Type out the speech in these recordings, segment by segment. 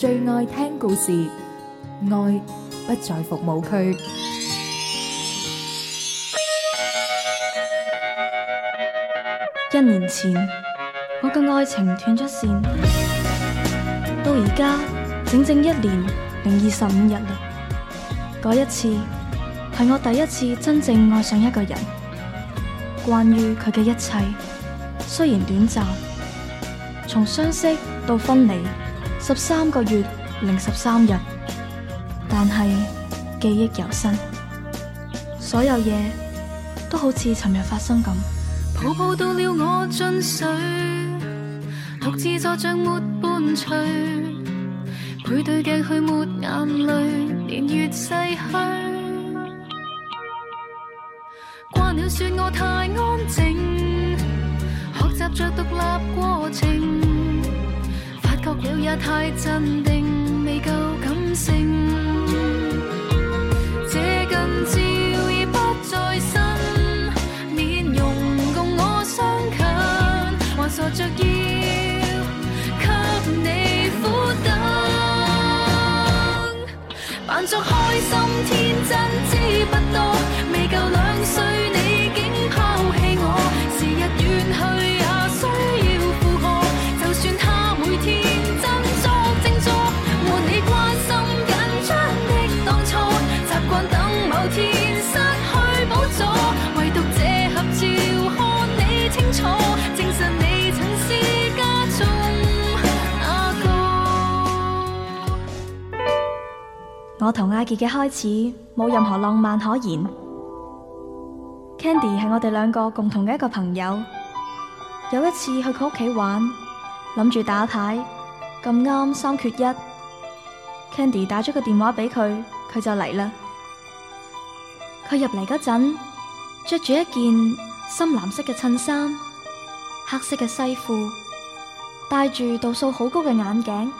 最愛聽故事，愛不在服務區。一年前，我嘅愛情斷咗線，到而家整整一年零二十五日啦。嗰一次係我第一次真正愛上一個人，關於佢嘅一切，雖然短暫，從相識到分離。十三個月零十三日，但係記憶猶新，所有嘢都好似尋日發生咁。抱抱到了我進水，獨自坐着沒伴隨，背對鏡去抹眼淚，年月逝去，慣了說我太安靜，學習着獨立過程，了也太鎮定，未夠感性。這近照已不再新，面容共我相近，還傻着要給你苦等，扮作開心添。我同阿杰嘅開始冇任何浪漫可言。Candy 係我哋兩個共同嘅一個朋友。有一次去佢屋企玩，諗住打牌，咁啱三缺一。Candy 打咗個電話俾佢，佢就嚟啦。佢入嚟嗰陣，着住一件深藍色嘅襯衫，黑色嘅西褲，戴住度數好高嘅眼鏡，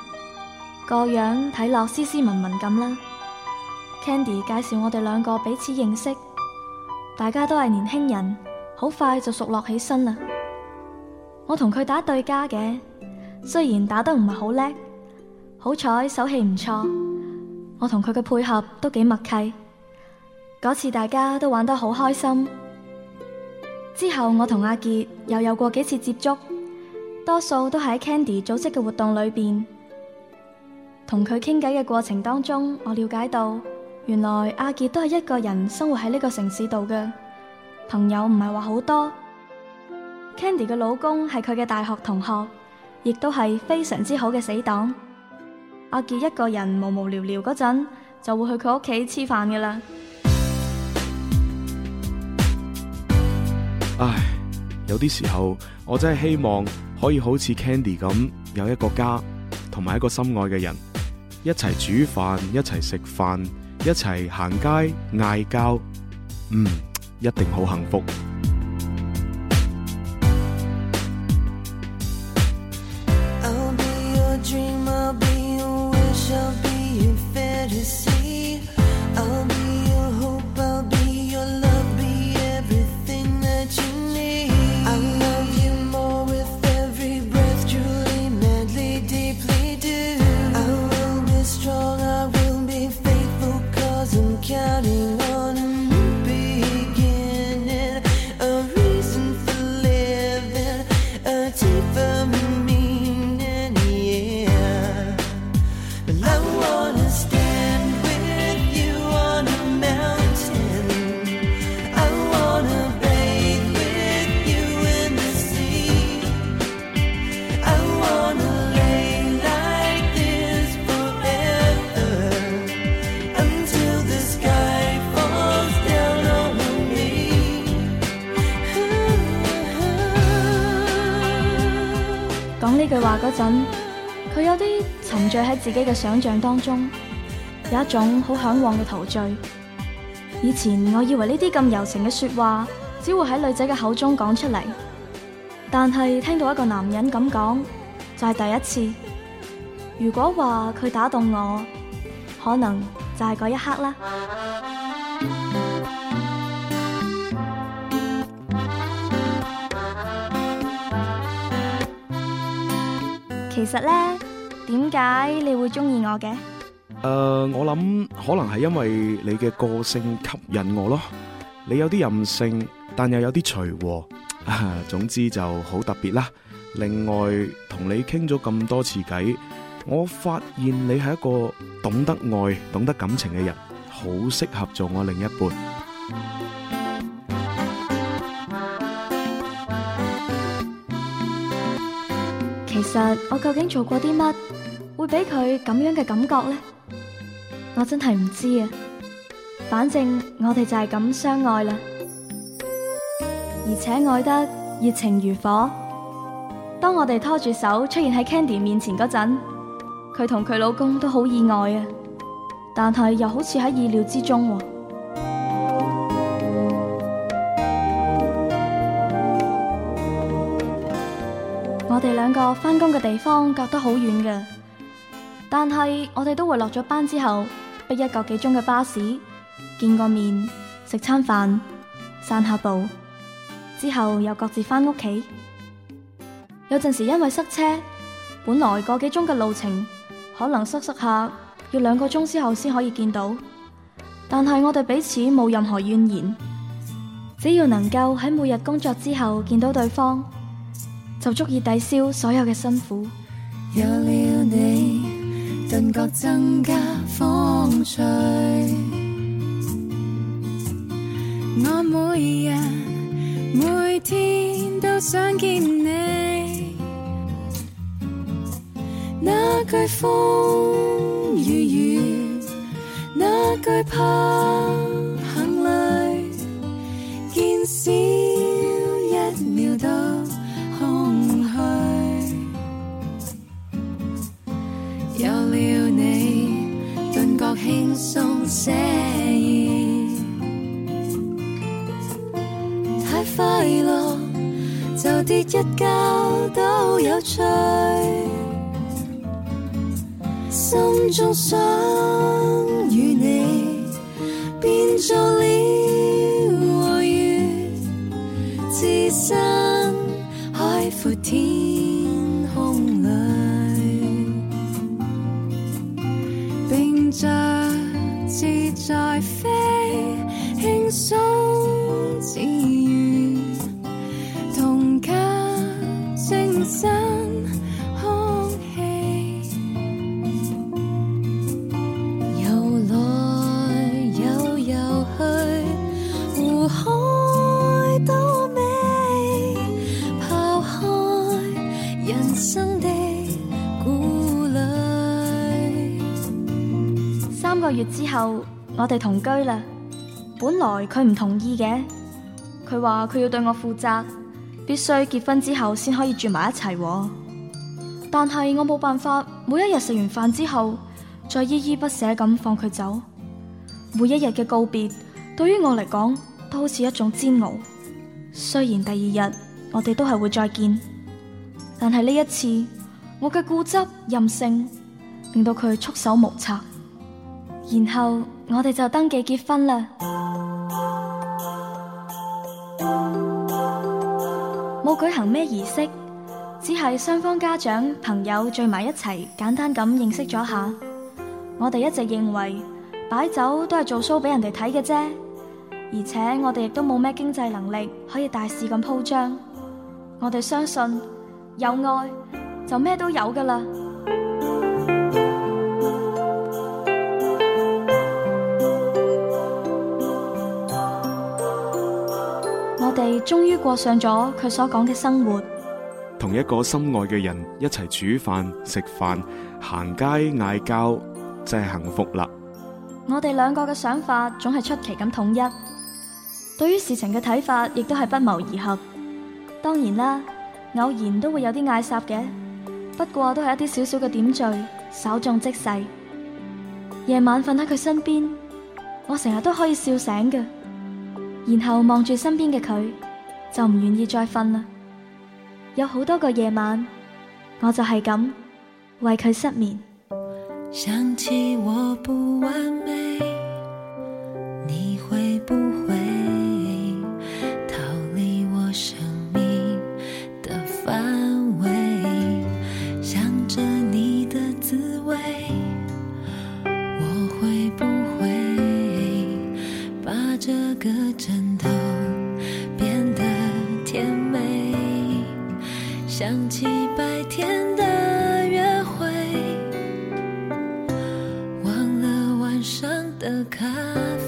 個樣睇落斯斯文文咁啦。Candy 介紹我哋兩個彼此認識，大家都係年輕人，好快就熟絡起身啦。我同佢打對家嘅，雖然打得唔係好叻，好彩手氣唔錯。我同佢嘅配合都幾默契，嗰次大家都玩得好開心。之後我同阿杰又有過幾次接觸，多數都喺 Candy 組織嘅活動裏邊，同佢傾偈嘅過程當中，我了解到。原來阿杰都係一個人生活喺呢個城市度嘅朋友，唔係話好多。Candy 嘅老公係佢嘅大學同學，亦都係非常之好嘅死黨。阿杰一個人無無聊聊嗰陣，就會去佢屋企黐飯嘅啦。唉，有啲時候我真係希望可以好似 Candy 咁有一個家，同埋一個心愛嘅人一齊煮飯，一齊食飯。一齊行街嗌交，嗯，一定好幸福。佢有啲沉醉喺自己嘅想象當中，有一種好向往嘅陶醉。以前我以為呢啲咁柔情嘅說話只會喺女仔嘅口中講出嚟，但係聽到一個男人咁講，就係第一次。如果話佢打動我，可能就係嗰一刻啦。其實呢，點解你會中意我嘅？誒、呃，我諗可能係因為你嘅個性吸引我咯。你有啲任性，但又有啲隨和，啊，總之就好特別啦。另外，同你傾咗咁多次偈，我發現你係一個懂得愛、懂得感情嘅人，好適合做我另一半。其實我究竟做過啲乜，會俾佢咁樣嘅感覺呢？我真係唔知啊。反正我哋就係咁相愛啦，而且愛得熱情如火。當我哋拖住手出現喺 Candy 面前嗰陣，佢同佢老公都好意外啊。但係又好似喺意料之中。我哋兩個返工嘅地方隔得好遠嘅，但係我哋都會落咗班之後，逼一個幾鐘嘅巴士見個面，食餐飯，散下步，之後又各自返屋企。有陣時因為塞車，本來個幾鐘嘅路程，可能塞塞下，要兩個鐘之後先可以見到。但係我哋彼此冇任何怨言，只要能夠喺每日工作之後見到對方。就足以抵消所有嘅辛苦。有了你，頓覺增加風趣。我每日每天都想見你，哪懼風與雨，哪懼怕。一覺都有趣，心中想與你，變做了雲，置身海闊天。後我哋同居啦，本來佢唔同意嘅，佢話佢要對我負責，必須結婚之後先可以住埋一齊。但係我冇辦法，每一日食完飯之後，再依依不捨咁放佢走，每一日嘅告別，對於我嚟講都好似一種煎熬。雖然第二日我哋都係會再見，但係呢一次，我嘅固執任性，令到佢束手無策。然後我哋就登記結婚啦，冇舉行咩儀式，只係雙方家長朋友聚埋一齊，簡單咁認識咗下。我哋一直認為擺酒都係做 show 俾人哋睇嘅啫，而且我哋亦都冇咩經濟能力可以大肆咁鋪張。我哋相信有愛就咩都有噶啦。我哋終於過上咗佢所講嘅生活，同一個心愛嘅人一齊煮飯、食飯、行街、嗌交，真係幸福啦！我哋兩個嘅想法總係出奇咁統一，對於事情嘅睇法亦都係不謀而合。當然啦，偶然都會有啲嗌霎嘅，不過都係一啲少少嘅點綴，稍縱即逝。夜晚瞓喺佢身邊，我成日都可以笑醒嘅。然後望住身邊嘅佢，就唔願意再瞓啦。有好多個夜晚，我就係咁為佢失眠。想起我不完美。白天的約會，忘了晚上的咖啡。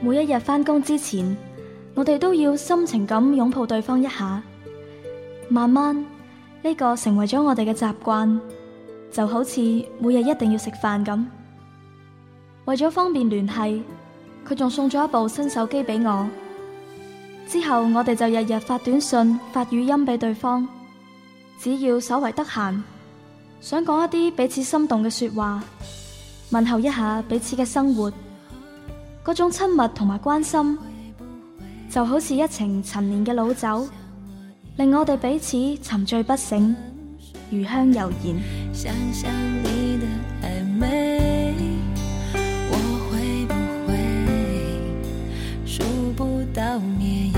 每一日返工之前，我哋都要深情咁擁抱對方一下。慢慢呢個成為咗我哋嘅習慣，就好似每日一定要食飯咁。為咗方便聯繫，佢仲送咗一部新手機俾我。之後我哋就日日發短信、發語音俾對方。只要稍為得閒，想講一啲彼此心動嘅說話，問候一下彼此嘅生活。那種親密同埋關心，就好似一埕陳年嘅老酒，令我哋彼此沉醉不醒，余香悠然。想想你的曖昧，我會不會數不到綿羊。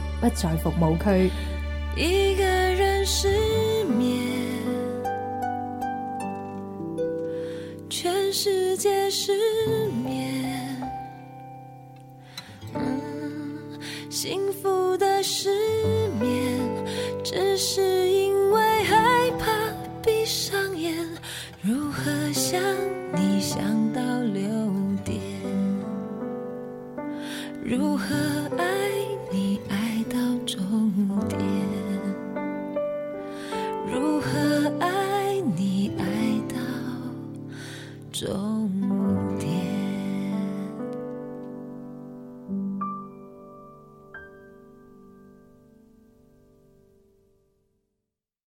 不在服務區，一個人失眠，全世界失眠。嗯、幸福的失眠，只是因為害怕閉上眼。如何想你想到六點？如何愛